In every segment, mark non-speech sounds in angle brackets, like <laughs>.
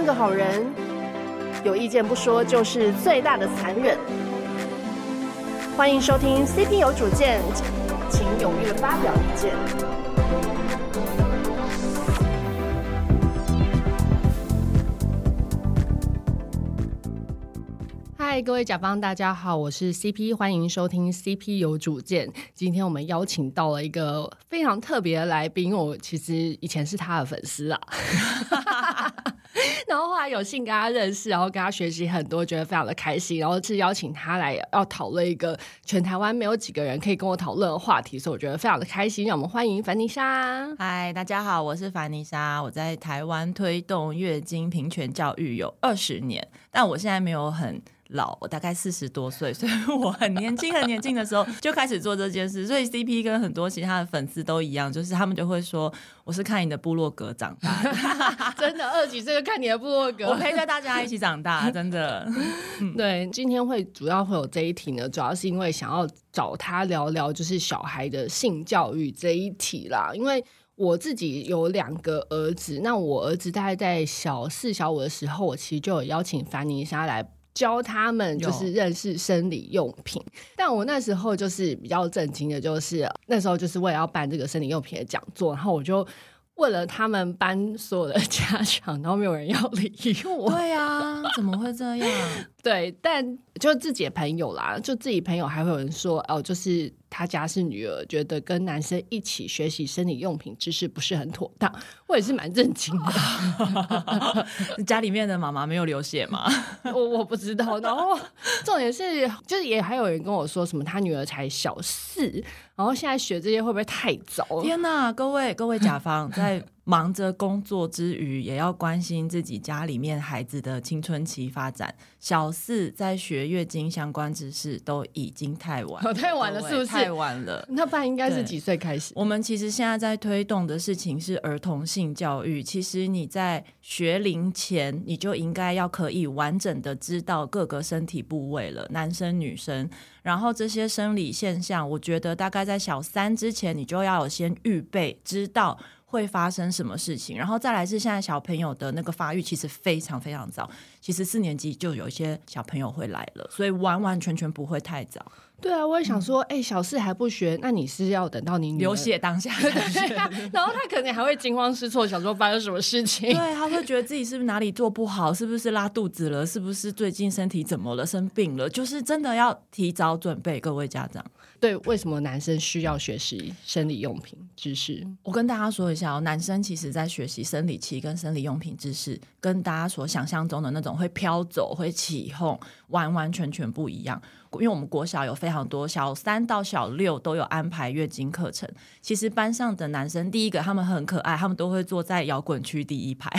這個好人，有意見不說就是最大的殘忍。歡迎收聽 CP 有主見，請踴躍發表意見。嗨，各位甲方大家好，我是 CP，歡迎收聽 CP 有主見。今天我們邀請到了一個非常特別的來賓，我其實以前是他的粉絲啊。 <laughs> <laughs> <laughs> 然後後來有幸跟他認識，然後跟他學習很多，覺得非常的開心。然後是邀請他來要討論一個全台灣沒有幾個人可以跟我討論的話題，所以我覺得非常的開心。讓我們歡迎凡妮莎。嗨，大家好，我是凡妮莎。我在台灣推動月經平權教育有二十年，但我現在沒有很。老，我大概四十多歲，所以我很年輕，很年輕的時候就開始做這件事。所以 CP 跟很多其他的粉絲都一樣，就是他們就會說我是看你的部落格長大， <laughs> 真的，二幾歲就看你的部落格，我陪着大家一起長大， <laughs> 真的、嗯。對，今天會主要會有這一題呢，主要是因為想要找他聊聊，就是小孩的性教育這一題啦。因為我自己有兩個兒子，那我兒子大概在小四、小五的時候，我其實就有邀請凡妮莎來。教他們就是認識生理用品，但我那時候就是比較震驚的，就是那時候就是為了要辦這個生理用品的講座，然後我就。問了他們班所有的家長，然後沒有人要理我。對啊，怎麼會這樣？ <laughs> 對，但就自己的朋友啦，就自己朋友還會有人說哦，就是他家是女兒，覺得跟男生一起學習生理用品知識不是很妥當。我也是蠻震驚的。 <laughs> <laughs> 家裡面的媽媽沒有流血嗎？ <laughs> 我我不知道。然後重點是，就是也還有人跟我說什麼，他女兒才小四。然後現在學這些會不會太早？天吶，各位各位甲方 <laughs> 在。忙着工作之餘，也要關心自己家裡面孩子的青春期發展。小四在學月經相關知識都已經太晚了，太晚了，是不是太晚了？那爸應該是幾歲開始？我們其實現在在推動的事情是兒童性教育。其實你在學齡前，你就應該要可以完整的知道各個身體部位了，男生女生，然後這些生理現象，我覺得大概在小三之前，你就要有先預備知道，會發生什麼事情？然後再來是現在小朋友的那個發育，其實非常非常早，其實四年級就有一些小朋友會來了，所以完完全全不會太早。對啊，我也想說，哎、嗯欸，小四還不學，那你是要等到你流血當下才學、 <laughs> 對啊、然後他可能還會驚慌失措， <laughs> 想說發生什麼事情？對，他會覺得自己是不是哪裡做不好，是不是拉肚子了，是不是最近身體怎麼了，生病了？就是真的要提早準備，各位家長。對，為什麼男生需要學習生理用品知識？我跟大家說一下哦，男生其實，在學習生理期跟生理用品知識，跟大家所想象中的那種會飄走、會起哄，完完全全不一樣。因為我們國小有非常多小三到小六都有安排月經課程，其實班上的男生第一個，他們很可愛，他們都會坐在搖滾區第一排，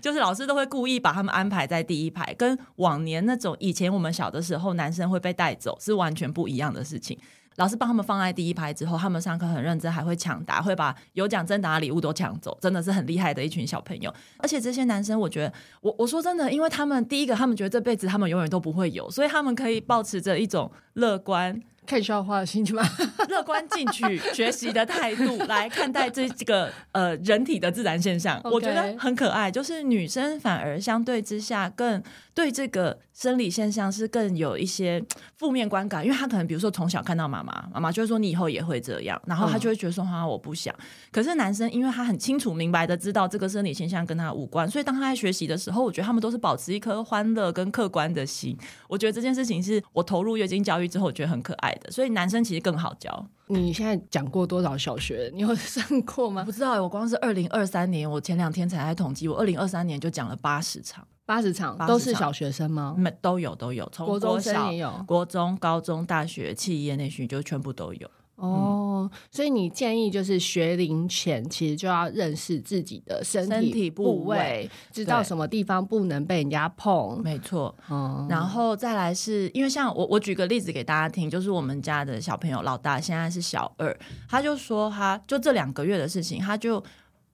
就是老師都會故意把他們安排在第一排，跟往年那種以前我們小的時候男生會被帶走是完全不一樣的事情。老師幫他們放在第一排之後，他們上課很認真，還會搶答，會把有獎徵答禮物都搶走，真的是很厲害的一群小朋友。而且這些男生，我覺得，我我說真的，因為他們第一個，他們覺得這輩子他們永遠都不會有，所以他們可以保持着一種樂觀、看笑話、興趣、 <laughs> 樂觀進取學習的態度來看待這這個 <laughs> 呃人體的自然現象。Okay. 我覺得很可愛。就是女生反而相對之下更。對這個生理現象是更有一些負面觀感，因為他可能比如說從小看到媽媽，媽媽就會說你以後也會這樣，然後他就會覺得說哈我不想、嗯。可是男生因為他很清楚明白的知道這個生理現象跟他無關，所以當他在學習的時候，我覺得他們都是保持一顆歡樂跟客觀的心。我覺得這件事情是我投入月經教育之後，我覺得很可愛的，所以男生其實更好教。你現在講過多少小學？你有上過嗎？ <laughs> 不知道、欸，我光是二零二三年，我前兩天才在統計，我二零二三年就講了八十場。八十場，八十場都是小學生嗎？沒，都有都有，從國小，國中生也有，國中、高中、大學、企業內訓就全部都有。哦、嗯，所以你建議就是學齡前其實就要認識自己的身體，身體部位，知道什麼地方不能被人家碰。沒錯。嗯。然後再來是因為像我，我舉個例子給大家聽，就是我們家的小朋友老大現在是小二，他就說他就這兩個月的事情，他就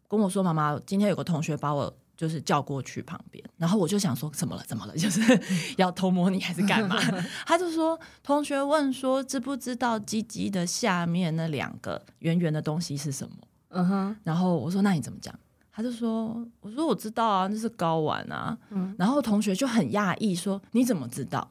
跟我說媽媽，今天有個同學把我就是叫過去旁邊。然後我就想說，怎麼了？怎麼了？就是要偷摸你還是幹嘛？ <laughs> 他就說，同學問說，知不知道雞雞的下面那兩個圓圓的東西是什麼？嗯哼。然後我說，那你怎麼講？他就說，我說我知道啊，那是睾丸啊。嗯。然後同學就很訝異說，你怎麼知道？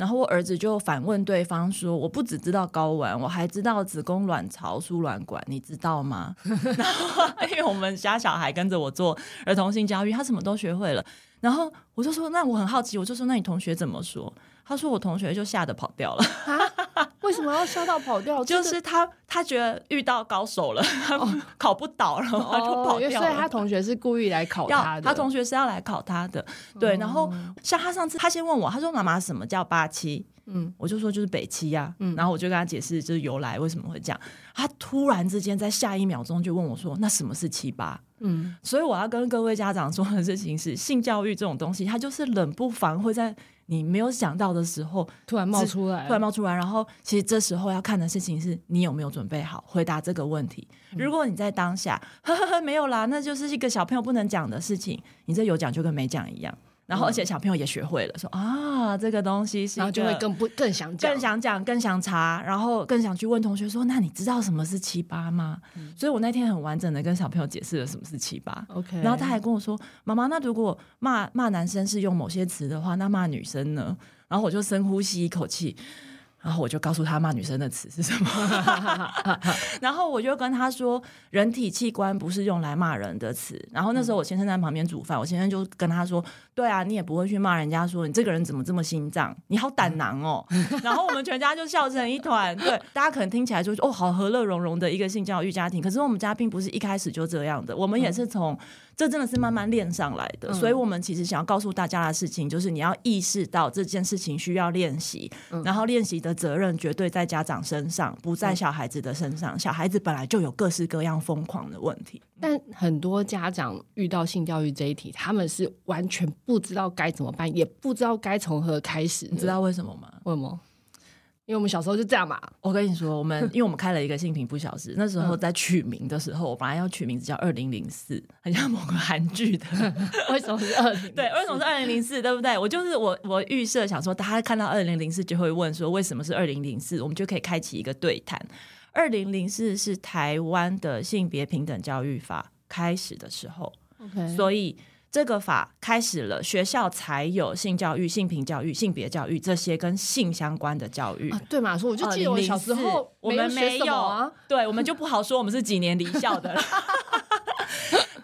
然後我兒子就反問對方說：“我不只知道睾丸，我還知道子宮、卵巢、輸卵管，你知道嗎？” <laughs> 然後因為我們家小孩跟着我做兒童性教育，他什麼都學會了。然後我就說：“那我很好奇，我就說那你同學怎麼說？”他說：“我同學就嚇得跑掉了。啊”為什麼要笑到跑掉？就是他，他覺得遇到高手了，oh. 他考不倒了，他就跑掉了。Oh, 所以他同學是故意來考他的，他同學是要來考他的，嗯。對，然後像他上次，他先問我，他說：“媽媽，什麼叫八七？”嗯，我就說：“就是北七呀。”嗯，然後我就跟他解釋，就是由來為什麼會這樣。嗯，他突然之間在下一秒鐘就問我說：“那什麼是七八？”嗯，所以我要跟各位家長說的事情是，嗯，性教育這種東西，他就是冷不防會在。你沒有想到的時候，突然冒出來，突然冒出來，然後其實這時候要看的事情是，你有沒有準備好回答這個問題。嗯。如果你在當下，呵呵呵，沒有啦，那就是一個小朋友不能講的事情，你這有講就跟沒講一樣。然後，而且小朋友也學會了說啊，這個東西是，然後就會更不更想講，更想講，更想查，然後更想去問同學說，那你知道什麼是七八嗎？嗯、所以我那天很完整的跟小朋友解釋了什麼是七八。OK，然後他還跟我說，媽媽，那如果罵罵男生是用某些詞的話，那罵女生呢？然後我就深呼吸一口氣，然後我就告訴他罵女生的詞是什麼。 <laughs> <laughs> <laughs> 然後我就跟他說，人體器官不是用來罵人的詞。然後那時候我先生在旁邊煮飯，我先生就跟他說。對啊，你也不會去罵人家說你這個人怎麼這麼心臟，你好膽囊哦。 <laughs> 然後我們全家就笑成一團。對，大家可能聽起來就是哦，好和樂融融的一個性教育家庭。可是我們家並不是一開始就這樣的，我們也是從、嗯、這真的是慢慢練上來的。所以，我們其實想要告訴大家的事情就是，你要意識到這件事情需要練習、嗯，然後練習的責任絕對在家長身上，不在小孩子的身上。嗯、小孩子本來就有各式各樣瘋狂的問題。但很多家長遇到性教育這一題，他們是完全不知道該怎麼辦，也不知道該從何開始。你知道為什麼嗎？為什麼？因為我們小時候就這樣嘛。我跟你說，我們 <laughs> 因為我們開了一個性平不小時，那時候在取名的時候，嗯、我本來要取名字叫二零零四，很像某個韓劇的。 <laughs> 為什麼是二零？對，為什麼是二零零四？對不對？我就是我，我預設想說，大家看到二零零四就會問說為什麼是二零零四，我們就可以開啟一個對談。二零零四是台灣的性別平等教育法開始的時候，okay. 所以這個法開始了，學校才有性教育、性平教育、性別教育這些跟性相關的教育。啊、對嘛？我說我就記得我小時候 2004, 我們沒有,沒有啊，對，我們就不好說我們是幾年離校的了。 <laughs>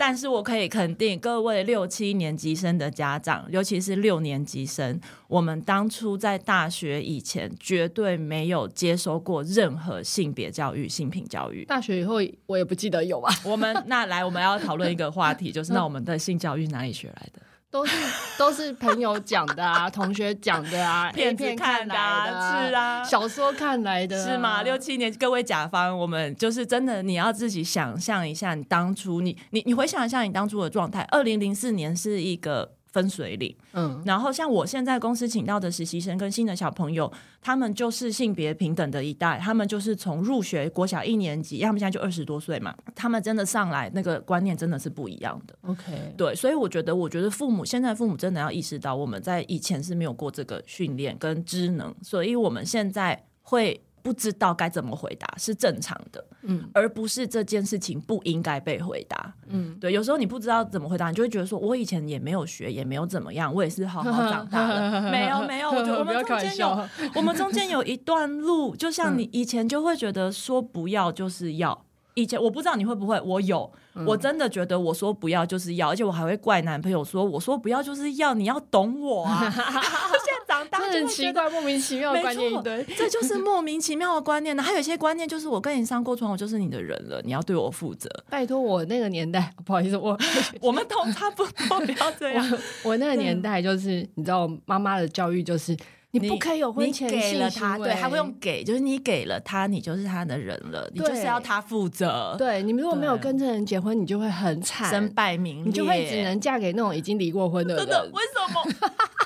但是我可以肯定，各位六七年級生的家長，尤其是六年級生，我們當初在大學以前絕對沒有接受過任何性別教育、性平教育。大學以後，我也不記得有啊。我們那來，我們要討論一個話題， <laughs> 就是那我們的性教育哪裡學來的？都是都是朋友講的啊， <laughs> 同學講的啊，片片看的啊，是啊，小說看來的，啊，是嗎？六七年各位甲方，我們就是真的，你要自己想象一下，你當初，你你你回想一下你當初的狀態。二零零四年是一個分水嶺，嗯，然後像我現在公司請到的實習生跟新的小朋友，他們就是性別平等的一代，他們就是從入學國小一年級，他們現在就二十多歲嘛，他們真的上來那個觀念真的是不一樣的。OK，對，所以我覺得，我覺得父母現在父母真的要意識到，我們在以前是沒有過這個訓練跟智能，所以我們現在會。不知道該怎麼回答，是正常的，嗯，而不是這件事情不應該被回答，嗯，對，有時候你不知道怎麼回答，你就會覺得說，我以前也沒有學，也沒有怎麼樣，我也是好好長大的， <laughs> 沒有沒有，我 <laughs> 要開我們中間有我們中間有一段路，就像你以前就會覺得說不要就是要，以前我不知道你會不會，我有。我真的覺得我說不要就是要，而且我還會怪男朋友說我說不要就是要，你要懂我啊！ <laughs> 現在長大就 <laughs> 很奇怪，莫名其妙的觀念對 <laughs> 這就是莫名其妙的觀念，然後還有一些觀念就是我跟你上過床，我就是你的人了，你要對我負責。拜托我那個年代，不好意思，我 <laughs> 我們都差不多，不要這樣。我那個年代就是，你知道媽媽的教育就是。你不可以有婚前性行為，對，還不用給，就是你給了他，你就是他的人了，你就是要他負責。對，你如果沒有跟這人結婚，你就會很慘，身敗名裂，你就會只能嫁給那種已經離過婚的人。真的？為什麼？ <laughs>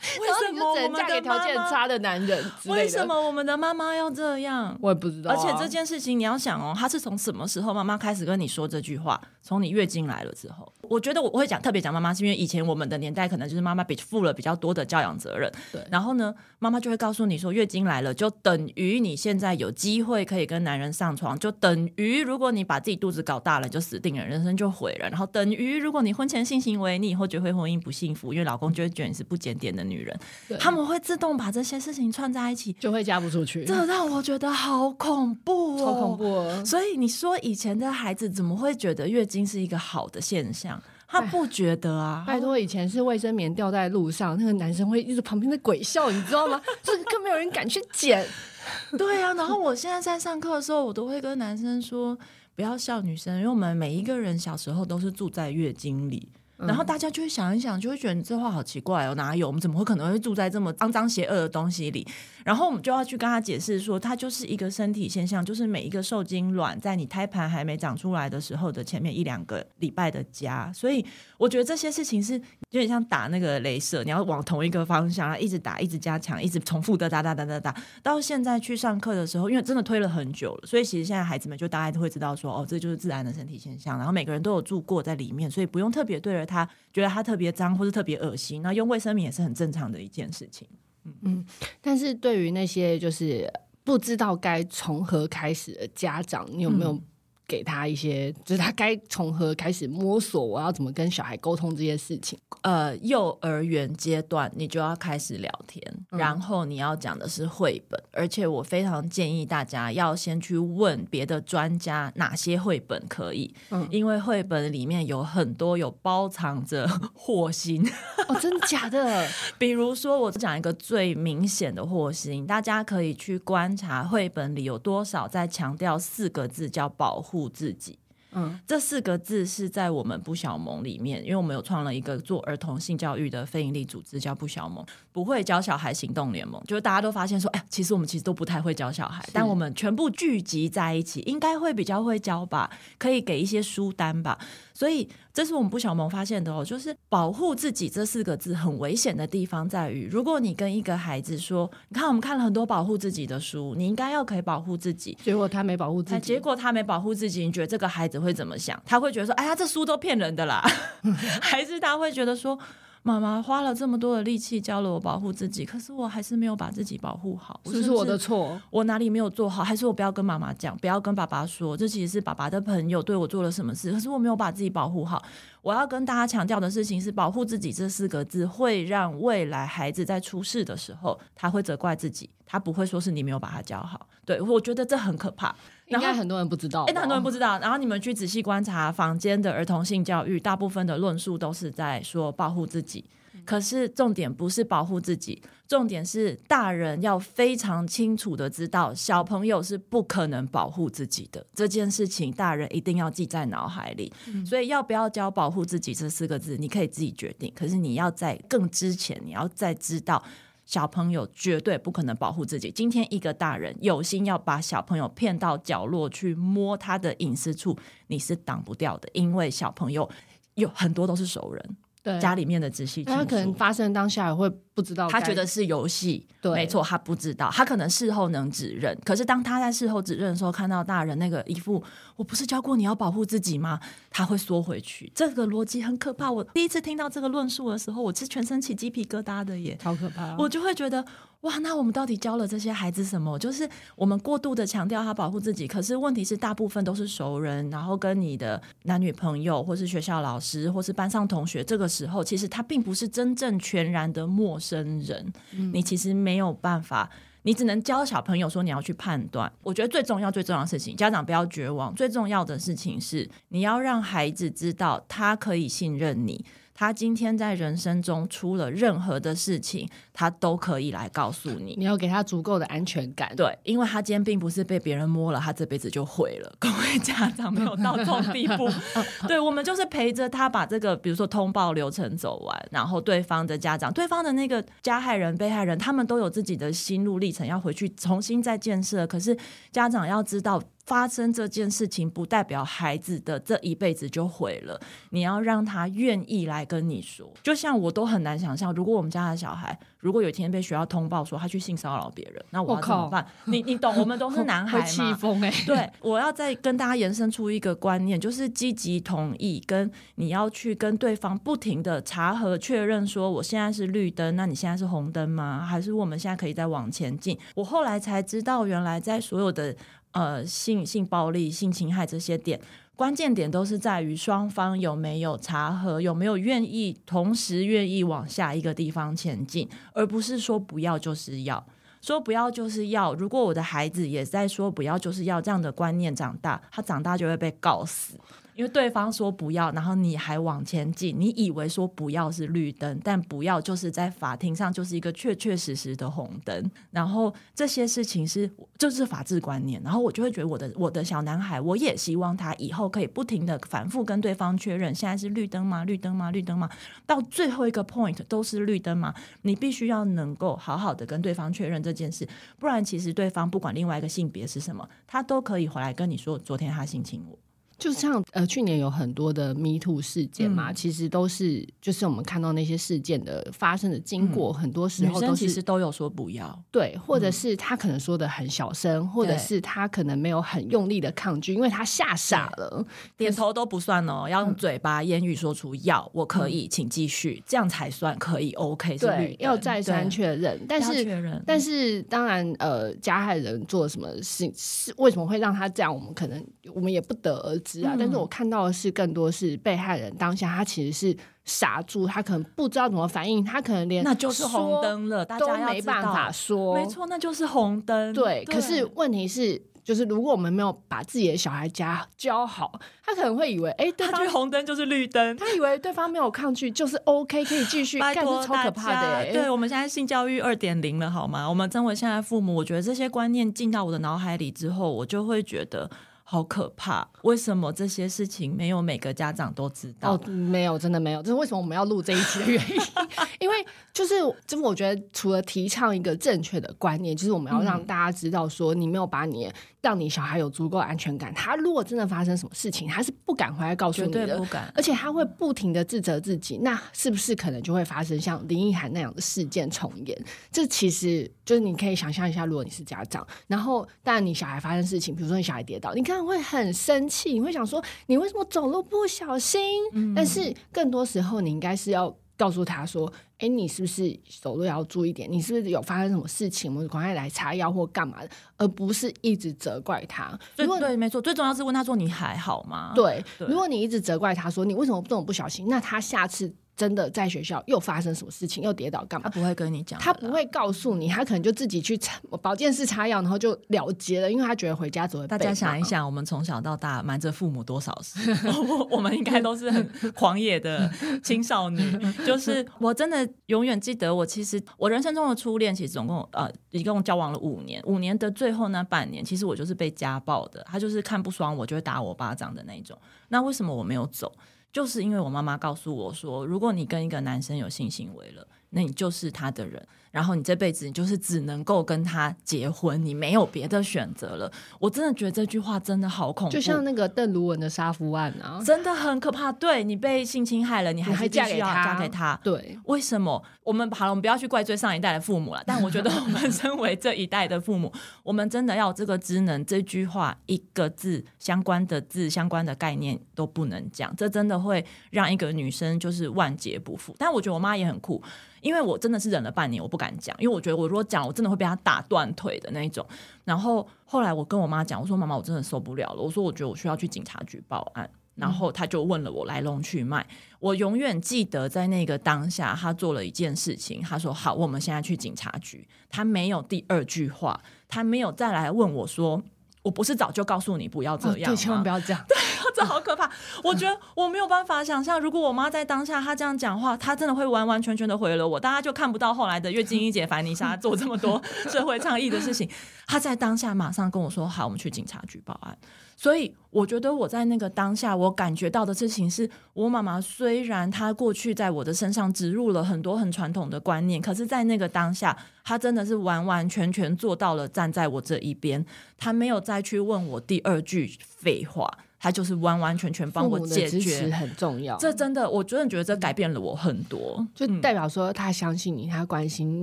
為什麼我們嫁給條件很差的男人的？為什麼我們的媽媽要這樣？我也不知道啊。而且這件事情你要想哦，他是從什麼時候媽媽開始跟你說這句話？從你月經來了之後，我覺得我我會講特別講媽媽，是因為以前我們的年代可能就是媽媽負比負了比較多的教養責任。對，然後呢，媽媽就會告訴你說，月經來了就等於你現在有機會可以跟男人上床，就等於如果你把自己肚子搞大了，就死定了，人生就毀了。然後等於如果你婚前性行為你，你以後結婚婚姻不幸福，因為老公就會覺得你是不檢點的。女人對，他們會自動把這些事情串在一起，就會嫁不出去。這讓我覺得好恐怖哦，恐怖、哦。所以你說以前的孩子怎麼會覺得月經是一個好的現象？他不覺得啊！哦、拜托，以前是衛生棉掉在路上，那個男生會一直旁邊的鬼笑，你知道嗎？ <laughs> 就是更沒有人敢去撿。 <laughs> 對啊，然後我現在在上課的時候，我都會跟男生說不要笑女生，因為我們每一個人小時候都是住在月經裡。然後大家就會想一想，就會覺得這話好奇怪哦，哪有，我們怎麼會可能會住在這麼骯髒邪惡的東西裡？然後我們就要去跟他解釋說，它就是一個身體現象，就是每一個受精卵在你胎盤還沒長出來的時候的前面一兩個禮拜的家。所以我覺得這些事情是有點像打那個雷射，你要往同一個方向一直打，一直加強，一直重複的打打打打打，到現在去上課的時候，因為真的推了很久了，所以其實現在孩子們就大概都會知道說，哦，這就是自然的身體現象，然後每個人都有住過在裡面，所以不用特別對了。他覺得他特別髒，或是特別噁心，那用衛生棉也是很正常的一件事情。嗯嗯，但是對於那些就是不知道該從何開始的家長，你有沒有、嗯？給他一些，就是他該從何開始摸索。我要怎麼跟小孩溝通這些事情？呃，幼兒園階段你就要開始聊天、嗯，然後你要講的是繪本。而且我非常建議大家要先去問別的專家哪些繪本可以，嗯、因為繪本裡面有很多有包藏着禍心 <laughs> 哦，真的假的？ <laughs> 比如說，我講一個最明顯的禍心，大家可以去觀察繪本裡有多少在強調四個字叫保護。自己，嗯，這四個字是在我們不小盟裡面，因為我們有創了一個做兒童性教育的非營利組織，叫不小盟，不會教小孩行動聯盟，就是大家都發現說，哎，其實我們其實都不太會教小孩，但我們全部聚集在一起，應該會比較會教吧，可以給一些書單吧。所以，這是我們不小盟發現的哦，就是保護自己這四個字很危險的地方在於，如果你跟一個孩子說，你看我們看了很多保護自己的書，你應該要可以保護自己，結果他沒保護自己，啊、結果他沒保護自己，你覺得這個孩子會怎麼想？他會覺得說，哎呀，這書都騙人的啦， <laughs> 還是他會覺得說？媽媽花了這麼多的力氣教了我保護自己，可是我還是沒有把自己保護好。這是我的錯，我哪裡沒有做好？還是我不要跟媽媽講，不要跟爸爸說？這其實是爸爸的朋友對我做了什麼事？可是我沒有把自己保護好。我要跟大家強調的事情是“保護自己”這四個字，會讓未來孩子在出事的時候，他會責怪自己，他不會說是你沒有把他教好。對，我覺得這很可怕。應該很多人不知道好不好，誒、欸，那很多人不知道。然後你們去仔細觀察坊間的兒童性教育，大部分的論述都是在說保護自己。可是重點不是保護自己，重點是大人要非常清楚的知道，小朋友是不可能保護自己的這件事情。大人一定要記在腦海裡、嗯。所以要不要教保護自己這四個字，你可以自己決定。可是你要在更之前，你要再知道。小朋友絕對不可能保護自己。今天一個大人有心要把小朋友騙到角落去摸他的隱私處，你是擋不掉的，因為小朋友有很多都是熟人。對家裡面的仔細，他可能發生當下也會不知道，他覺得是遊戲，對，沒錯，他不知道，他可能事後能指認，可是當他在事後指認的時候，看到大人那個一副“我不是教過你要保護自己嗎？”他會縮回去，這個邏輯很可怕。我第一次聽到這個論述的時候，我是全身起雞皮疙瘩的，耶！超可怕、啊，我就會覺得。哇，那我們到底教了這些孩子什麼？就是我們過度的強調他保護自己，可是問題是大部分都是熟人，然後跟你的男女朋友，或是學校老師，或是班上同學，這個時候其實他並不是真正全然的陌生人，嗯、你其實沒有辦法，你只能教小朋友說你要去判斷。我覺得最重要最重要的事情，家長不要絕望，最重要的事情是你要讓孩子知道他可以信任你。他今天在人生中出了任何的事情，他都可以來告訴你。啊，你要給他足夠的安全感。對，因為他今天並不是被別人摸了，他這輩子就毀了。各位家長沒有到這種地步。 <laughs> <laughs> <laughs> 對，我們就是陪着他把這個，比如說通報流程走完，然後對方的家長、對方的那個加害人、被害人，他們都有自己的心路歷程，要回去重新再建設。可是家長要知道。發生這件事情不代表孩子的這一輩子就毀了，你要讓他願意來跟你說，就像我都很難想象，如果我們家的小孩如果有一天被學校通報說他去性騷擾別人，那我要怎麼辦？哦、你你懂？我們都是男孩，會氣瘋哎。對，我要再跟大家延伸出一個觀念，就是積極同意跟你要去跟對方不停的查核確認，說我現在是綠燈，那你現在是紅燈嗎？還是我們現在可以再往前進？我後來才知道，原來在所有的。呃，性性暴力、性侵害這些點，關鍵點都是在於雙方有沒有查核，有沒有願意，同時願意往下一個地方前進，而不是說不要就是要，說不要就是要。如果我的孩子也在說不要就是要這樣的觀念長大，他長大就會被告死。因為對方說不要，然後你還往前進，你以為說不要是綠燈，但不要就是在法庭上就是一個確確實實的紅燈。然後這些事情是就是法治觀念，然後我就會覺得我的我的小男孩，我也希望他以後可以不停的反覆跟對方確認，現在是綠燈嗎？綠燈嗎？綠燈嗎？到最後一個 point 都是綠燈嗎？你必須要能夠好好的跟對方確認這件事，不然其實對方不管另外一個性別是什麼，他都可以回來跟你說昨天他性侵我。就像呃，去年有很多的 MeToo 事件嘛、嗯，其實都是就是我們看到那些事件的發生的經過，嗯、很多時候都是其實都有說不要，對，嗯、或者是他可能說的很小聲、嗯，或者是他可能沒有很用力的抗拒，因為他嚇傻了，點、就是、頭都不算哦，要用嘴巴言語說出要、嗯，我可以，請繼續，這樣才算可以 OK 對。對，要再三確認，但是但是當然呃，加害人做什麼事，是為什麼會讓他這樣，我們可能我們也不得而知。啊！但是我看到的是更多是被害人當下，嗯、他其實是傻住，他可能不知道怎麼反應，他可能連那就是紅燈了，大家沒辦法說，沒錯，那就是紅燈。對，可是問題是，就是如果我們沒有把自己的小孩家教好，他可能會以為哎、欸，對方他紅燈就是綠燈，他以為對方沒有抗拒就是 OK 可以繼續。幹是超可怕的、欸。對，我們現在性教育二點零了，好嗎？我們身為現在父母，我覺得這些觀念進到我的腦海裡之後，我就會覺得。好可怕！為什麼這些事情沒有每個家長都知道？哦，沒有，真的沒有，這是為什麼我們要錄這一期的原因。 <laughs> 因為就是，這我覺得，除了提倡一個正確的觀念，就是我們要讓大家知道，說你沒有把你讓你小孩有足夠安全感，他如果真的發生什麼事情，他是不敢回來告訴你的。對，不敢。而且他會不停的自責自己，那是不是可能就會發生像林奕含那樣的事件重演？這其實就是你可以想象一下，如果你是家長，然後但你小孩發生事情，比如說你小孩跌倒，你看。會很生氣，你會想說你為什麼走路不小心？嗯，但是更多時候，你應該是要告訴他說：“哎，你是不是走路要注意點？你是不是有發生什麼事情？我們趕快來擦藥或幹嘛的，而不是一直責怪他。”對對，沒錯，最重要是問他說你還好嗎？對，對，如果你一直責怪他說你為什麼這麼不小心，那他下次。真的在學校又發生什麼事情，又跌倒幹嘛？他不會跟你講，他不會告訴你，他可能就自己去查保健室擦藥，然後就了結了，因為他覺得回家走。大家想一想，我們從小到大瞞着父母多少事？ <laughs> <laughs> 我們應該都是很狂野的青少年。就是我真的永遠記得，我其實我人生中的初戀，其實總共呃一共交往了五年。五年的最後那半年，其實我就是被家暴的，他就是看不爽我就會打我巴掌的那種。那為什麼我沒有走？就是因為我媽媽告訴我說，如果你跟一個男生有性行為了。那你就是他的人，然後你這輩子你就是只能夠跟他結婚，你沒有別的選擇了。我真的覺得這句話真的好恐怖，就像那個鄧如雯的殺夫案啊，真的很可怕。對，你被性侵害了，你還要嫁，嫁給他？嫁給他？對，為什麼？我們好了，我們不要去怪罪上一代的父母了。但我覺得我們身為這一代的父母， <laughs> 我們真的要這個知能。這句話一個字相關的字相關的概念都不能講，這真的會讓一個女生就是萬劫不復。但我覺得我媽也很酷。因為我真的是忍了半年，我不敢講，因為我覺得我如果講，我真的會被他打斷腿的那種。然後後來我跟我媽講，我說媽媽，我真的受不了了。我說我覺得我需要去警察局報案。然後她就問了我來龍去脈。嗯。我永遠記得在那個當下，她做了一件事情。她說好，我們現在去警察局。她沒有第二句話，她沒有再來問我說。我不是早就告訴你不要這樣、哦，千萬不要這樣，對，這好可怕、啊。我覺得我沒有辦法想象，如果我媽在當下她這樣講話，她真的會完完全全的毀了我，大家就看不到後來的月經一姐凡妮莎做這麼多社會倡議的事情。 <laughs> 她在當下馬上跟我說：“好，我們去警察局報案。”所以，我覺得我在那個當下，我感覺到的事情是，我媽媽雖然她過去在我的身上植入了很多很傳統的觀念，可是在那個當下，她真的是完完全全做到了站在我這一邊，她沒有再去問我第二句廢話，她就是完完全全幫我解決，很重要。這真的，我真的覺得這改變了我很多，就代表說她相信你，她、嗯、關心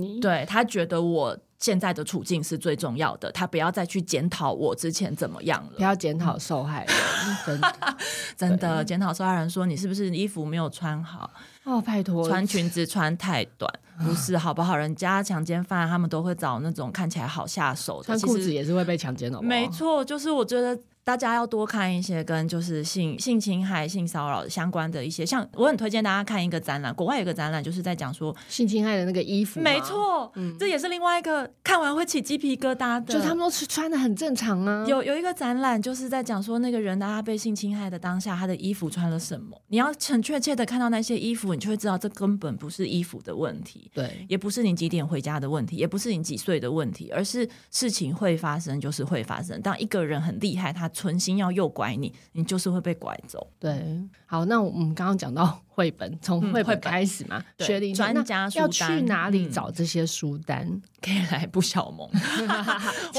你，對她覺得我。現在的處境是最重要的，他不要再去檢討我之前怎麼樣了。不要檢討受害人，嗯、真， <laughs> 真的，真的檢討受害人說你是不是衣服沒有穿好？哦，拜托，穿裙子穿太短，啊、不是好不好？人家強姦犯他們都會找那種看起來好下手的，穿褲子也是會被強姦的。沒錯，就是我覺得。大家要多看一些跟就是性性侵害、性騷擾相關的一些，像我很推薦大家看一個展覽，國外有個展覽就是在講說性侵害的那個衣服，沒錯、嗯，這也是另外一個看完會起雞皮疙瘩的。就他們都是穿得很正常啊。有有一個展覽就是在講說那個人，他被性侵害的當下，他的衣服穿了什麼。你要很確切的看到那些衣服，你就會知道這根本不是衣服的問題，對，也不是你幾點回家的問題，也不是你幾歲的問題，而是事情會發生就是會發生。當、嗯、一個人很厲害，他。存心要誘拐你，你就是會被拐走。對，好，那我們剛剛講到。繪本，從繪本開始嘛？學、嗯、齡專家要去哪裡找這些書單、嗯？可以來不小盟，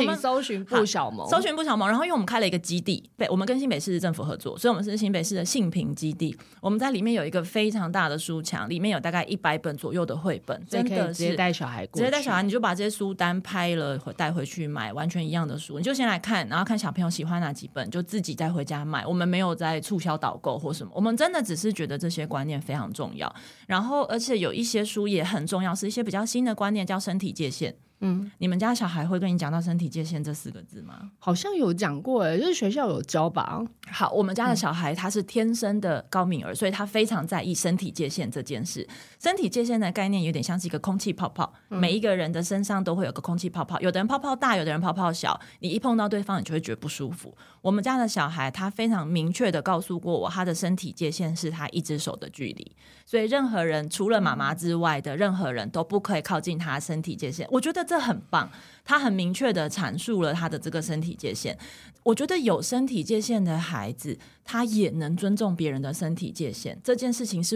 們 <laughs> <laughs> 搜尋不小盟， <laughs> 搜尋不小盟。然後因為我們開了一個基地，對，我們跟新北市政府合作，所以我們是新北市的性平基地。我們在裡面有一個非常大的書牆，裡面有大概一百本左右的繪本，真的是直接帶小孩過去，直接帶小孩，你就把這些書單拍了帶回去買，完全一樣的書，你就先來看，然後看小朋友喜歡哪幾本，就自己再回家買。我們沒有在促銷導購或什麼，我們真的只是覺得這些觀。念非常重要，然後而且有一些書也很重要，是一些比較新的觀念，叫身體界限。嗯，你們家小孩會跟你講到身體界線這四個字嗎？好像有講過，欸，誒。就是學校有教吧。好，我們家的小孩他是天生的高敏兒，嗯，所以他非常在意身體界線這件事。身體界線的概念有點像是一個空氣泡泡，嗯，每一個人的身上都會有個空氣泡泡，有的人泡泡大，有的人泡泡小。你一碰到對方，你就會覺得不舒服。我們家的小孩他非常明確地告訴過我，他的身體界線是他一隻手的距離，所以任何人除了媽媽之外的任何人都不可以靠近他身體界線。我覺得。這很棒，他很明確地闡述了他的這個身體界限。我覺得有身體界限的孩子，他也能尊重別人的身體界限。這件事情是。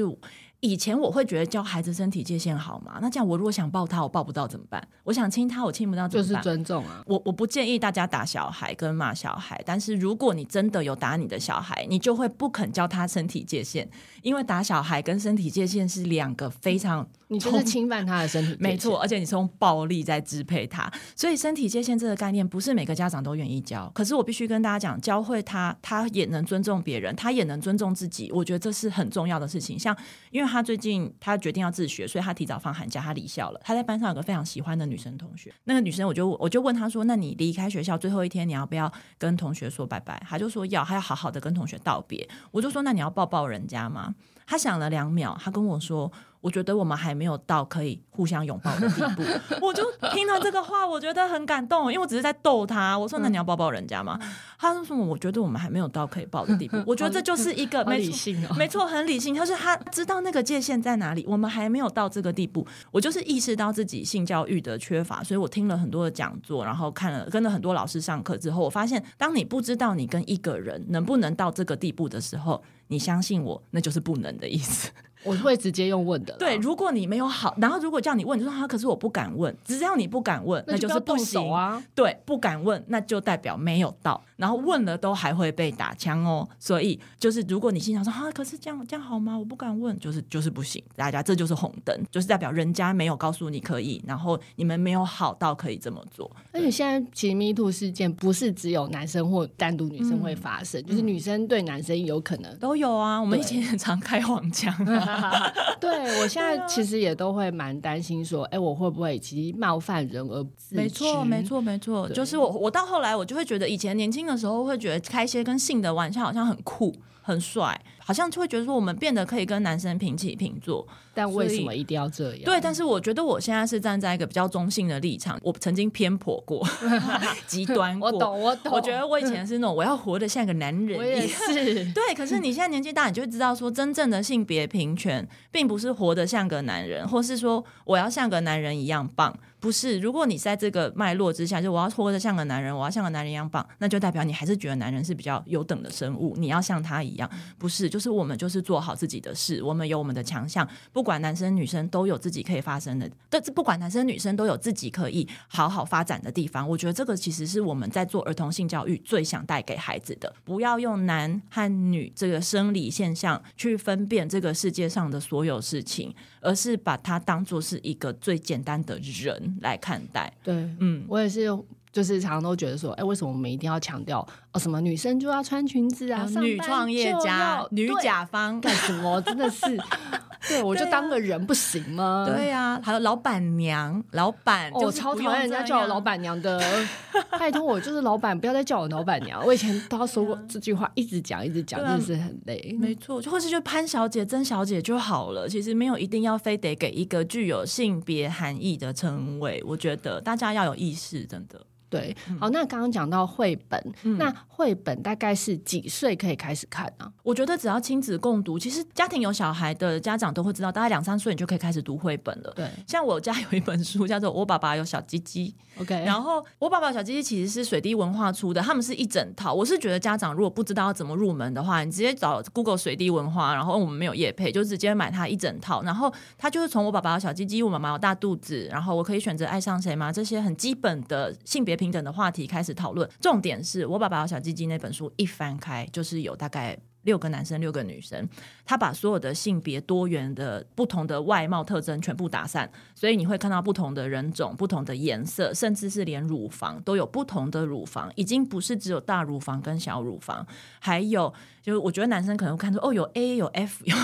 以前我會覺得教孩子身體界限，好嗎？那這樣我如果想抱他，我抱不到怎麼辦？我想親他，我親不到怎麼辦？就是尊重啊！我我不建議大家打小孩跟罵小孩，但是如果你真的有打你的小孩，你就會不肯教他身體界限，因為打小孩跟身體界限是兩個非常、嗯……你就是侵犯他的身體界限，沒錯，而且你是用暴力在支配他。所以身體界限這個概念，不是每個家長都願意教。可是我必須跟大家講，教會他，他也能尊重別人，他也能尊重自己。我覺得這是很重要的事情。像因為。他最近他決定要自學，所以他提早放寒假，他離校了。他在班上有個非常喜歡的女生同學，那個女生我，我就我就問他說：“那你離開學校最後一天，你要不要跟同學說拜拜？”他就說要，他要好好的跟同學道別。我就說：“那你要抱抱人家嗎？”他想了兩秒，他跟我說。我覺得我們還沒有到可以互相擁抱的地步，我就聽了這個話，我覺得很感動，因為我只是在逗他。我說：“那你要抱抱人家嗎？”他說：“什麼？我覺得我們還沒有到可以抱的地步。”我覺得這就是一個理性，沒錯，很理性。他說：“他知道那個界限在哪裡，我們還沒有到這個地步。”我就是意識到自己性教育的缺乏，所以我聽了很多的講座，然後看了跟了很多老師上課之後，我發現，當你不知道你跟一個人能不能到這個地步的時候，你相信我，那就是不能的意思。我會直接用問的。對，如果你沒有好，然後如果叫你問，你說哈，可是我不敢問。只要你不敢問，那就是不行，不動手啊。對，不敢問，那就代表沒有到。然後問了都還會被打槍哦。所以就是如果你心想說哈、啊，可是這樣這樣好嗎？我不敢問，就是就是不行。大家這就是紅燈，就是代表人家沒有告訴你可以，然後你們沒有好到可以這麼做。而且現在 MeToo 事件不是只有男生或單獨女生會發生，嗯、就是女生對男生有可能、嗯、都有啊。我們以前很常開黃腔、啊。 <laughs> <laughs> <laughs> 對，我現在其實也都會蠻擔心，說，哎、啊欸，我會不會其實冒犯人而不自知？沒錯，沒錯，沒錯，就是我，我到後來我就會覺得，以前年輕的時候會覺得開一些跟性的玩笑好像很酷、很帥。好像就會覺得說我們變得可以跟男生平起平坐，但為什麼一定要這樣？對，但是我覺得我現在是站在一個比較中性的立場，我曾經偏頗過、 <laughs> <laughs> 極端過。我懂，我懂。我覺得我以前是那種我要活得像個男人，也是 <laughs> 對。可是你現在年紀大，你就會知道說真正的性別平權，並不是活得像個男人，或是說我要像個男人一樣棒。不是，如果你在這個脈絡之下，就我要活得像個男人，我要像個男人一樣棒，那就代表你還是覺得男人是比較優等的生物，你要像他一樣。不是，就是我們就是做好自己的事，我們有我們的強項，不管男生女生都有自己可以發生的，這不管男生女生都有自己可以好好發展的地方。我覺得這個其實是我們在做兒童性教育最想帶給孩子的，不要用男和女這個生理現象去分辨這個世界上的所有事情，而是把它當做是一個最簡單的人。來看待，對，嗯，我也是，就是常常都覺得說，哎，為什麼我們一定要強調哦？什麼女生就要穿裙子啊？啊女創業家、女甲方幹什麼？真的是。 <laughs> 對，我就當個人不行嗎？對呀、啊啊，還有老闆娘、老闆，我超討厭人家叫我老闆娘的， <laughs> 拜托我就是老闆，不要再叫我老闆娘。我以前都要說過這句話，一直講一直講，啊、真的是很累。沒錯，就或是就潘小姐、曾小姐就好了。其實沒有一定要非得給一個具有性別含義的稱謂，嗯、我覺得大家要有意識，真的。對，好，那剛剛講到繪本，嗯，那繪本大概是幾歲可以開始看呢、啊？我覺得只要親子共讀，其實家庭有小孩的家長都會知道，大概兩三歲你就可以開始讀繪本了。對，像我家有一本書叫做《我爸爸有小雞雞》，OK，然後我爸爸有小雞雞其實是水滴文化出的，他們是一整套。我是覺得家長如果不知道要怎麼入門的話，你直接找 Google 水滴文化，然後我們沒有業配，就直接買它一整套。然後它就是從我爸爸有小雞雞、我媽媽有大肚子，然後我可以選擇愛上誰嗎？這些很基本的性別。平等的話題開始討論。重點是我把《寶寶小雞雞》那本書一翻開，就是有大概六個男生、六個女生。他把所有的性別多元的不同的外貌特徵全部打散，所以你會看到不同的人種、不同的顏色，甚至是連乳房都有不同的乳房，已經不是只有大乳房跟小乳房，還有。就是我覺得男生可能會看出哦，有 A 有 F 有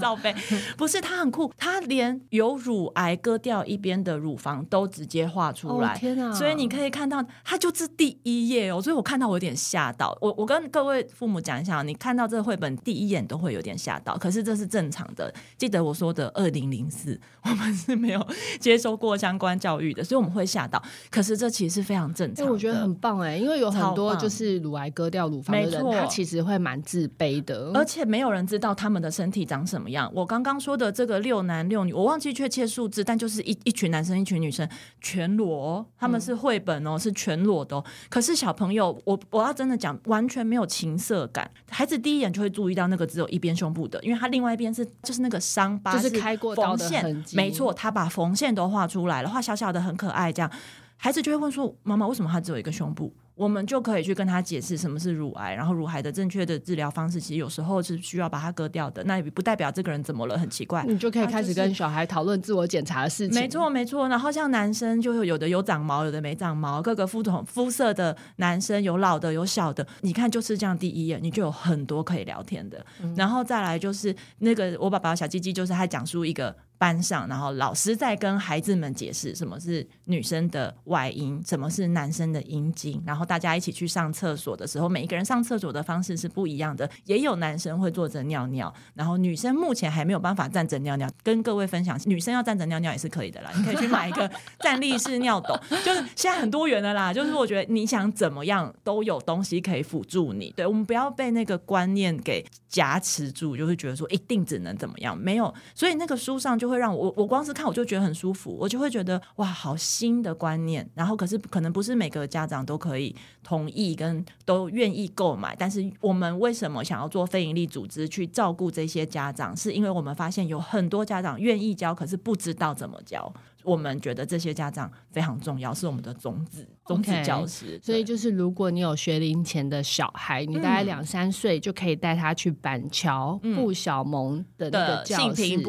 罩杯， <laughs> 不是他很酷，他連有乳癌割掉一邊的乳房都直接畫出來、哦。天哪！所以你可以看到，他就是第一頁哦。所以我看到我有點嚇到。我我跟各位父母講一下，你看到這繪本第一眼都會有點嚇到，可是這是正常的。記得我說的二零零四，我們是沒有接受過相關教育的，所以我們會嚇到。可是這其實是非常正常的、欸。我覺得很棒哎，因為有很多就是乳癌割掉乳房的人，沒錯，他其實會。會蠻自卑的，而且沒有人知道他們的身體長什麼樣。我剛剛說的這個六男六女，我忘記確切數字，但就是一一群男生，一群女生，全裸哦。他們是繪本哦，嗯，是全裸的哦。可是小朋友，我我要真的講，完全沒有情色感。孩子第一眼就會注意到那個只有一邊胸部的，因為他另外一邊是就是那個傷疤，就是開過刀的痕跡，縫線。沒錯，他把縫線都畫出來了，畫小小的很可愛，這樣孩子就會問說：“媽媽，為什麼他只有一個胸部？”我們就可以去跟他解釋什麼是乳癌，然後乳癌的正確的治療方式，其實有時候是需要把它割掉的。那也不代表這個人怎麼了，很奇怪。你就可以開始跟小孩討論自我檢查的事情。就是、沒錯沒錯，然後像男生就有，有的有長毛，有的沒長毛，各個不同膚色的男生有老的有小的，你看就是這樣。第一眼，你就有很多可以聊天的。嗯、然後再來就是那個我爸爸小雞雞，就是他講述一個。班上，然後老師在跟孩子們解釋什麼是女生的外陰，什麼是男生的陰莖，然後大家一起去上廁所的時候，每一個人上廁所的方式是不一樣的，也有男生會坐着尿尿，然後女生目前還沒有辦法站着尿尿。跟各位分享，女生要站着尿尿也是可以的啦，你可以去買一個站立式尿斗， <laughs> 就是現在很多元的啦，就是我覺得你想怎麼樣都有東西可以輔助你。對，我們不要被那個觀念給挾持住，就是覺得說一定只能怎麼樣，沒有，所以那個書上就會。會讓我我光是看我就覺得很舒服，我就會覺得哇，好新的觀念。然後可是可能不是每個家長都可以同意跟都願意購買。但是我們為什麼想要做非營利組織去照顧這些家長？是因為我們發現有很多家長願意教，可是不知道怎麼教。我們覺得這些家長非常重要，是我們的種子、種子教師、okay。所以，就是如果你有學齡前的小孩、嗯，你大概兩三歲就可以帶他去板橋不、嗯、小盟的那個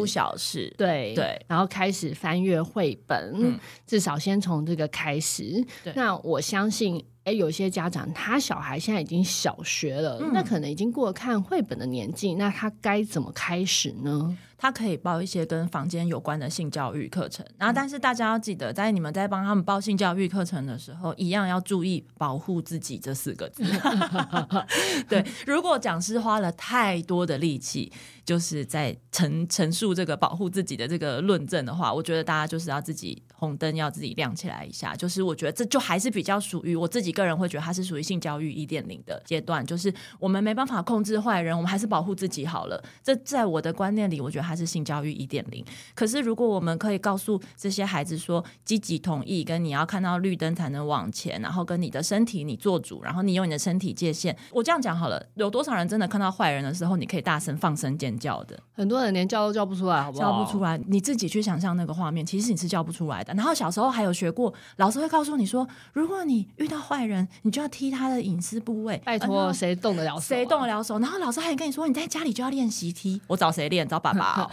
教室，對對，對。然後開始翻閱繪本，嗯，至少先從這個開始。那我相信，哎，有些家長他小孩現在已經小學了，嗯，那可能已經過了看繪本的年紀，那他該怎麼開始呢？他可以報一些跟坊間有關的性教育課程，然後但是大家要記得，在你們在幫他們報性教育課程的時候，一樣要注意保護自己這四個字。 <laughs> 對，如果講師花了太多的力氣，就是在陳陳述這個保護自己的這個論證的話，我覺得大家就是要自己紅燈要自己亮起來一下。就是我覺得這就還是比較屬於我自己個人會覺得它是屬於性教育一點零的階段，就是我們沒辦法控制壞人，我們還是保護自己好了。這在我的觀念裡，我覺得。還是性教育一點零。可是，如果我們可以告訴這些孩子說，積極同意跟你要看到綠燈才能往前，然後跟你的身體你做主，然後你用你的身體界限。我這樣講好了，有多少人真的看到壞人的時候，你可以大聲放聲尖叫的？很多人連叫都叫不出來，好不好？叫不出來，你自己去想象那個畫面，其實你是叫不出來的。然後小時候還有學過，老師會告訴你說，如果你遇到壞人，你就要踢他的隱私部位。拜托，誰動得了手啊？誰動得了手？然後老師還跟你說，你在家裡就要練習踢。 <laughs> 我找誰練？找爸爸。 <laughs> <laughs> 好，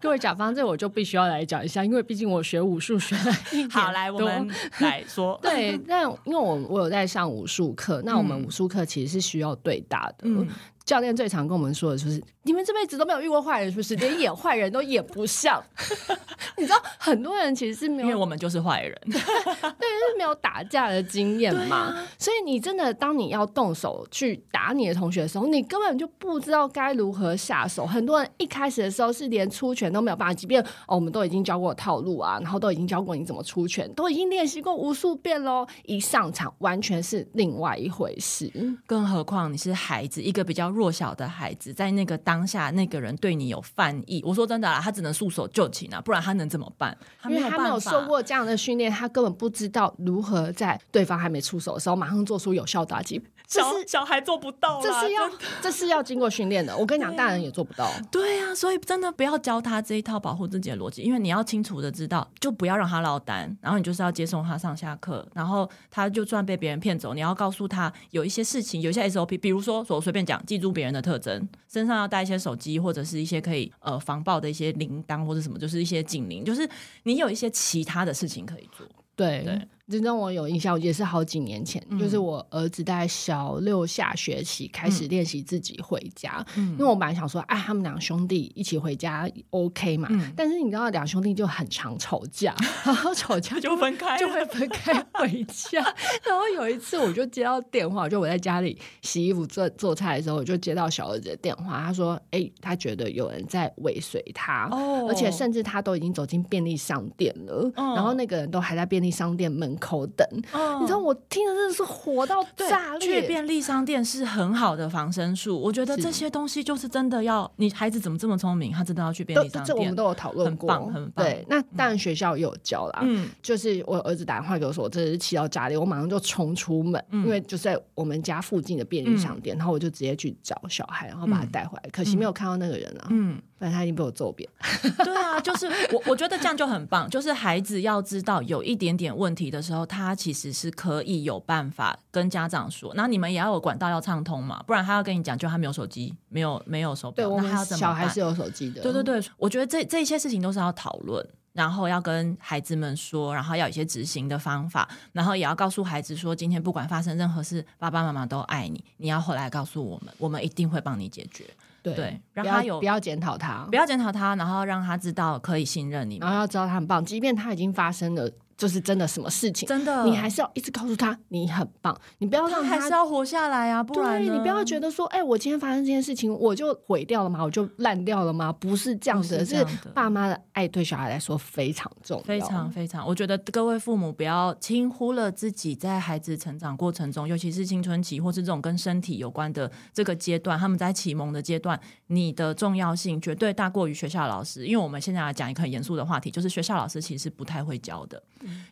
各位甲方，這我就必須要來講一下，因為畢竟我學武術學來 <laughs> 好，來，我們來說 <laughs> 對。那因為我我有在上武術課，那我們武術課其實是需要對打的。嗯嗯教練最常跟我們說的就是：你們這輩子都沒有遇過壞人是不是？連演壞人都演不像。 <laughs> 你知道，很多人其實是沒有，因為我們就是壞人， <laughs> <laughs> 對，是沒有打架的經驗嘛、啊。所以你真的當你要動手去打你的同學的時候，你根本就不知道該如何下手。很多人一開始的時候是連出拳都沒有辦法，即便哦，我們都已經教過套路啊，然後都已經教過你怎麼出拳，都已經練習過無數遍嘍，一上場完全是另外一回事。更何況你是孩子，一個比較弱。弱小的孩子在那個當下，那個人對你有犯意，我說真的啦，他只能束手就擒啊，不然他能怎麼辦，辦？因為他沒有受過這樣的訓練，他根本不知道如何在對方還沒出手的時候馬上做出有效打擊。是小、小孩做不到，這是要這，這是要經過訓練的。我跟你講，大人也做不到。對啊，所以真的不要教他這一套保護自己的邏輯，因為你要清楚的知道，就不要讓他落單，然後你就是要接送他上下課，然後他就算被別人騙走，你要告訴他有一些事情，有一些 SOP，比如說我隨便講入別人的特徵，身上要帶一些手機或者是一些可以呃防暴的一些鈴鐺或者是什麼，就是一些警鈴，就是你有一些其他的事情可以做，對對。真正我有印象，也是好幾年前，嗯、就是我兒子在小六下學期開始練習自己回家。嗯，因為我本來想說，哎、啊，他們兩兄弟一起回家，OK 嘛、嗯？但是你知道，兩兄弟就很常吵架，嗯、然後吵架就， <laughs> 就分開，就會分開回家。 <laughs> 然後有一次，我就接到電話， <laughs> 就我在家裡洗衣服做、做做菜的時候，我就接到小兒子的電話，他說：“哎、欸，他覺得有人在尾隨他、哦，而且甚至他都已經走進便利商店了，哦、然後那個人都還在便利商店門口。”口等，哦，你知道我聽的真的是火到炸裂。去便利商店是很好的防身術，我覺得這些東西就是真的要。你孩子怎麼這麼聰明？他真的要去便利商店？這我們都有討論過。很棒，很棒對。嗯，那當然學校也有教啦。嗯。就是我兒子打電話給我說，我真的是子騎到家裡，我馬上就衝出門，嗯，因為就在我們家附近的便利商店，嗯，然後我就直接去找小孩，然後把他帶回來，嗯。可惜沒有看到那個人啊。嗯。反正他已經被我揍扁。嗯、 <laughs> 對啊，就是我，我覺得這樣就很棒。就是孩子要知道有一點點問題的。然後他其實是可以有辦法跟家長說，那你們也要有管道要暢通嘛，不然他要跟你講，就他沒有手機，沒有沒有手錶，那他要怎麼辦？小孩是有手機的。對對對，我覺得這這些事情，都是要討論，然後要跟孩子們說，然後要有一些執行的方法，然後也要告訴孩子說，今天不管發生任何事，爸爸媽媽都愛你，你要回來告訴我們，我們一定會幫你解決。對，讓他有，不要檢討他，不要檢討他，然後讓他知道可以信任你們，然後要知道他很棒，即便他已經發生了。就是真的，什麼事情？真的，你還是要一直告訴他你很棒，你不要讓他，他還是要活下來啊，不然，對，你不要覺得說，哎、欸，我今天發生這件事情，我就毀掉了嗎？我就爛掉了嗎？不是這樣的，是爸媽的愛對小孩來說非常重要，非常非常。我覺得各位父母不要輕忽了自己在孩子成長過程中，尤其是青春期或是這種跟身體有關的這個階段，他們在啟蒙的階段，你的重要性絕對大過於學校老師，因為我們現在來講一個很嚴肅的話題，就是學校老師其實不太會教的。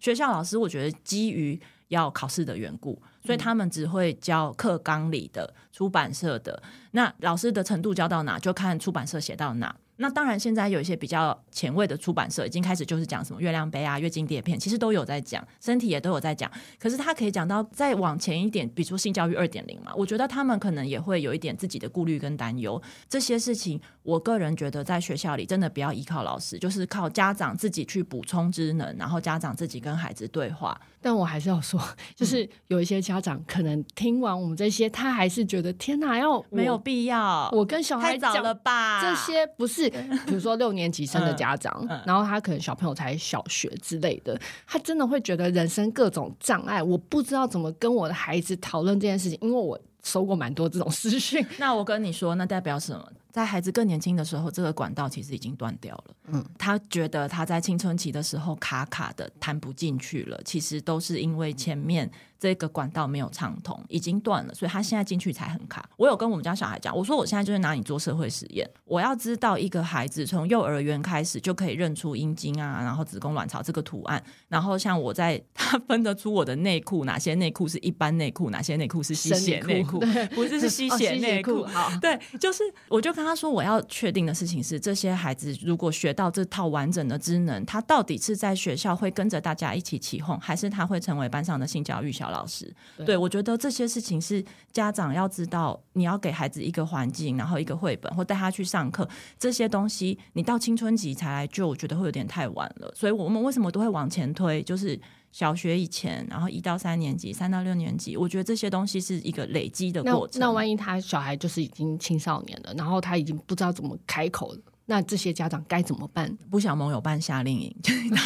學校老師，我覺得基於要考試的緣故，所以他們只會教課綱裡的、出版社的。那老師的程度教到哪，就看出版社寫到哪。那當然，現在有一些比較前衛的出版社已經開始就是講什麼月亮杯啊、月經碟片，其實都有在講，身體也都有在講。可是他可以講到再往前一點，比如說性教育二點零嘛，我覺得他們可能也會有一點自己的顧慮跟擔憂。這些事情，我個人覺得在學校裡真的不要依靠老師，就是靠家長自己去補充知能，然後家長自己跟孩子對話。但我還是要說，就是有一些家長可能聽完我們這些，他還是覺得天哪，要沒有必要？我跟小孩講了吧？這些不是，比如說六年級生的家長、 <laughs> 嗯嗯，然後他可能小朋友才小學之類的，他真的會覺得人生各種障礙，我不知道怎麼跟我的孩子討論這件事情，因為我收過蠻多這種私訊。那我跟你說，那代表什麼？在孩子更年輕的時候，這個管道其實已經斷掉了。嗯，他覺得他在青春期的時候卡卡的彈不進去了，其實都是因為前面。這個管道沒有暢通，已經斷了，所以他現在進去才很卡。我有跟我們家小孩講，我說我現在就是拿你做社會實驗，我要知道一個孩子從幼兒園開始就可以認出陰莖啊，然後子宮卵巢這個圖案，然後像我在他分得出我的內褲哪些內褲是一般內褲，哪些內褲是吸血內褲，生理褲，對不是是吸血內褲、 <laughs> 哦，吸血褲，好。對，就是我就跟他說，我要確定的事情是，這些孩子如果學到這套完整的知能，他到底是在學校會跟着大家一起起哄，還是他會成為班上的性教育小孩？老師，對，我覺得這些事情是家長要知道，你要給孩子一個環境，然後一個繪本，或帶他去上課，這些東西你到青春期才來救，我覺得會有點太晚了。所以我們為什麼都會往前推，就是小學以前，然後一到三年級，三到六年級，我覺得這些東西是一個累積的過程。那，那萬一他小孩就是已經青少年了，然後他已經不知道怎麼開口了。那這些家長該怎麼辦？不小盟有辦夏令營，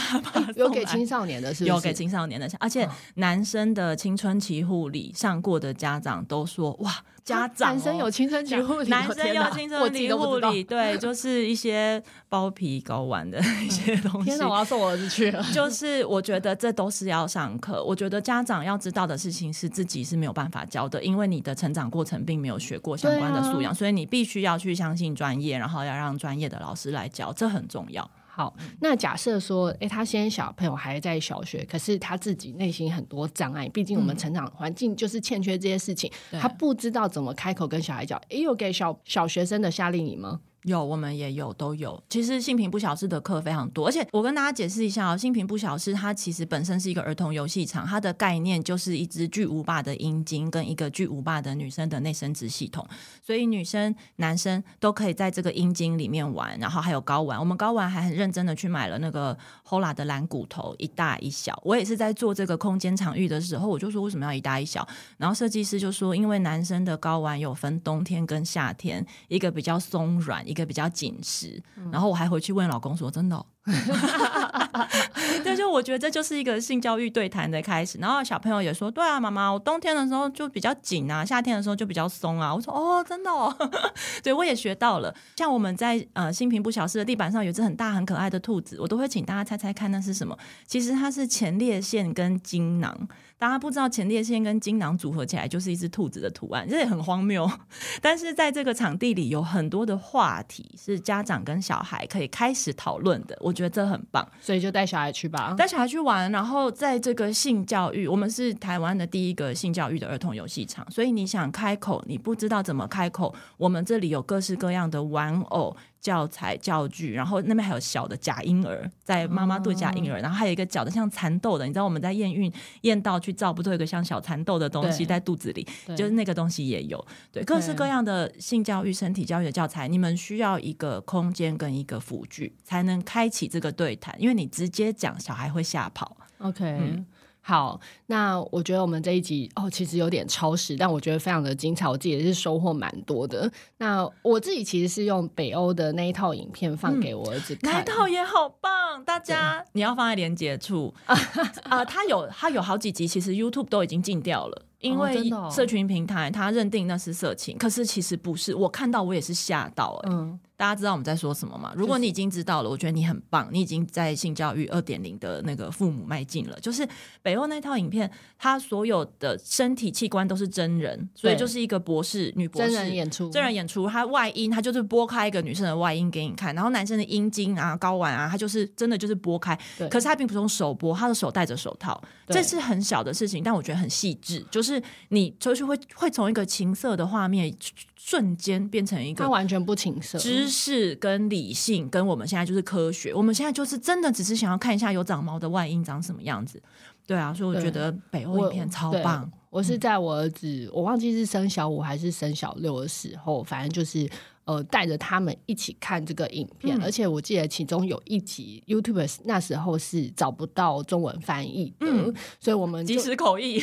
<laughs> 有給青少年的是，是有給青少年的，而且男生的青春期護理上過的家長都說哇。家長、哦，男生有青春期護理、哦，男生有青春期護理，對，就是一些包皮睾丸的一些東西。嗯、天吶，我要送兒子去了！就是我覺得這都是要上課。 <laughs> 我覺得家長要知道的事情是自己是沒有辦法教的，因為你的成長過程並沒有學過相關的素養，啊、所以你必須要去相信專業，然後要讓專業的老師來教，這很重要。哦、那假設說，誒、欸，他現在小朋友還在小學，可是他自己內心很多障礙，畢竟我們成長環境就是欠缺這些事情、嗯，他不知道怎麼開口跟小孩講。誒、欸，有給小小學生的夏令營嗎？有，我們也有，都有。其實性平不小事的課非常多，而且我跟大家解釋一下哦，性平不小事它其實本身是一個兒童遊戲場，它的概念就是一支巨無霸的陰莖跟一個巨無霸的女生的內生殖系統，所以女生、男生都可以在這個陰莖裡面玩，然後還有睾丸。我們睾丸還很認真的去買了那個 HOLA 的懶骨頭，一大一小。我也是在做這個空間場域的時候，我就說為什麼要一大一小，然後設計師就說因為男生的睾丸有分冬天跟夏天，一個比較鬆軟。一個比較緊實，嗯，然後我還回去問老公說：“真的、哦？” <laughs> <laughs> 對，就我覺得這就是一個性教育對談的開始。然後小朋友也說：“對啊，媽媽，我冬天的時候就比較緊啊，夏天的時候就比較鬆啊。”我說：“哦，真的、哦。 <laughs> ”對，我也學到了。像我們在呃《性平不小盟》的地板上有只很大很可愛的兔子，我都會請大家猜猜看那是什麼。其實它是前列腺跟精囊。大家不知道前列腺跟精囊組合起來就是一隻兔子的圖案，這也很荒謬。 <laughs> 但是在這個場地裡，有很多的話題是家長跟小孩可以開始討論的，我覺得這很棒，所以就帶小孩去吧，帶小孩去玩。然後在這個性教育，我們是台灣的第一個性教育的兒童遊戲場，所以你想開口，你不知道怎麼開口，我們這裡有各式各樣的玩偶，教材教具、，然後那邊還有小的假嬰兒在媽媽肚假嬰兒，oh. 然後還有一個角的像蠶豆的，你知道我們在驗孕驗到去照不出一個像小蠶豆的東西在肚子裡，就是那個東西也有，對，對各式各樣的性教育、身體教育的教材，你們需要一個空間跟一個輔具，才能開啟這個對談，因為你直接講小孩會嚇跑。OK。嗯。好，那我覺得我們這一集哦，其實有點超時，但我覺得非常的精彩，我自己也是收穫蠻多的。那我自己其實是用北歐的那一套影片放給我兒子看、嗯，那一套也好棒。大家、嗯、你要放在連結處 <laughs> 啊，他、啊、有他有好幾集，其實 YouTube 都已經禁掉了，因為社群平台他認定那是色情，可是其實不是。我看到我也是嚇到了、欸。嗯大家知道我們在說什麼嗎？如果你已經知道了，我覺得你很棒，你已經在性教育二點零的那個父母邁進了。就是北歐那套影片，她所有的身體器官都是真人，所以就是一個博士女博士真人演出，真人演出。她外陰，她就是撥開一個女生的外陰給你看，然後男生的陰莖啊、睾丸啊，他就是真的就是撥開。可是他並不是用手撥，他的手戴着手套，這是很小的事情，但我覺得很細緻。就是你就是會會從一個情色的畫面瞬間變成一個，他完全不情色。是跟理性跟我們現在就是科學，我們現在就是真的只是想要看一下有長毛的外陰長什麼樣子，對啊，所以我覺得北歐影片超棒。我是在我兒子、嗯、我忘記是生小五還是生小六的時候，反正就是。呃，帶着他們一起看這個影片、嗯，而且我記得其中有一集 YouTube 那時候是找不到中文翻譯的、嗯，所以我們即時口譯、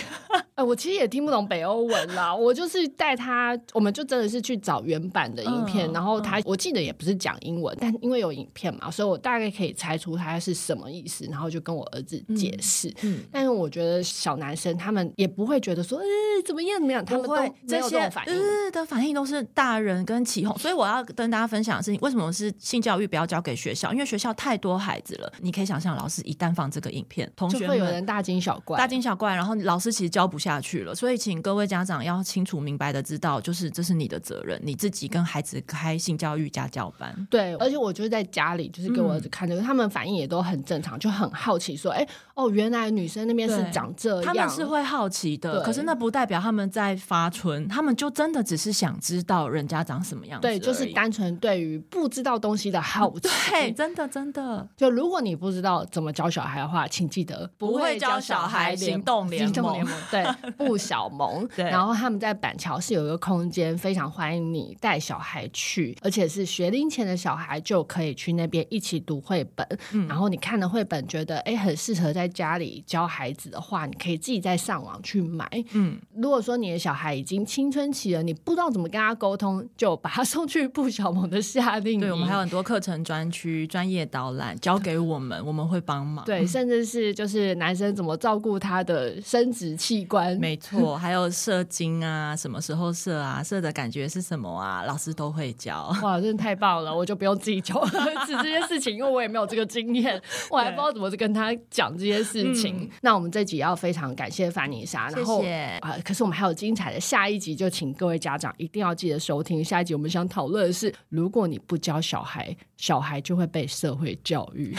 呃。我其實也聽不懂北歐文啦， <laughs> 我就是帶他，我們就真的是去找原版的影片，嗯、然後他、嗯、我記得也不是講英文，但因為有影片嘛，所以我大概可以猜出他是什麼意思，然後就跟我兒子解釋。嗯，但是我覺得小男生他們也不會覺得說，欸、怎麼樣怎麼樣，會他們都沒有這種反應這些、呃、的反應都是大人跟起哄。 <laughs> 所以我要跟大家分享的是，為什麼是性教育不要交給學校？因為學校太多孩子了，你可以想象，老師一旦放這個影片，同學會有人大驚小怪，大驚小怪，然後老師其實教不下去了。所以，請各位家長要清楚明白的知道，就是這是你的責任，你自己跟孩子開性教育家教班。對，而且我就在家裡，就是給我兒子看這個、嗯，他們反應也都很正常，就很好奇說：“哎、欸，哦，原來女生那邊是長這樣。”他們是會好奇的，可是那不代表他們在發春，他們就真的只是想知道人家長什麼樣子。對。就是單純對於不知道東西的好奇，對，真的真的。就如果你不知道怎麼教小孩的話，請記得不會教小孩行動聯盟，行動聯盟 <laughs> 對，不小盟對。然後他們在板橋是有一個空間，非常歡迎你帶小孩去，而且是學齡前的小孩就可以去那邊一起讀繪本，嗯。然後你看了繪本覺得哎、欸、很適合在家裡教孩子的話，你可以自己再上網去買。嗯，如果說你的小孩已經青春期了，你不知道怎麼跟他溝通，就把他送。去不小盟的下令，對我們還有很多課程專區、專業導覽交給我們，我們會幫忙。對，甚至是就是男生怎麼照顧他的生殖器官，沒錯，還有射精啊， <laughs> 什麼時候射啊，射的感覺是什麼啊，老師都會教。哇，真的太棒了，我就不用自己教兒子這些事情， <laughs> 因為我也沒有這個經驗，我還不知道怎麼去跟他講這些事情。那我們這集要非常感謝凡妮莎謝謝，然後啊、呃，可是我們還有精彩的下一集，就請各位家長一定要記得收聽。下一集我們想討。討論的是，如果你不教小孩，小孩就會被社會教育，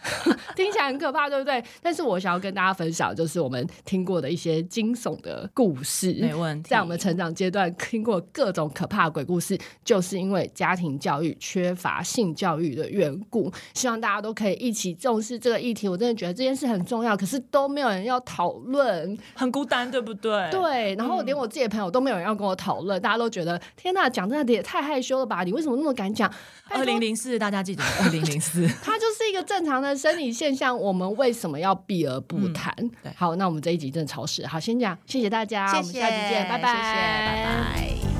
<laughs> 聽起來很可怕， <laughs> 對不對？但是我想要跟大家分享，就是我們聽過的一些驚悚的故事。沒問題，在我們成長階段聽過各種可怕的鬼故事，就是因為家庭教育缺乏性教育的緣故。希望大家都可以一起重視這個議題，我真的覺得這件事很重要。可是都沒有人要討論，很孤單，對不對？對。然後連我自己的朋友都沒有人要跟我討論，嗯、大家都覺得天吶，講真的也太害羞了吧？你為什麼那麼敢講？二零零四大家記得二零零四， <laughs> 它就是一個正常的生理現象。我們為什麼要避而不談？嗯，好，那我們這一集真的超時。好，先講，謝謝大家，謝謝，我們下期見，拜拜，拜拜。Bye bye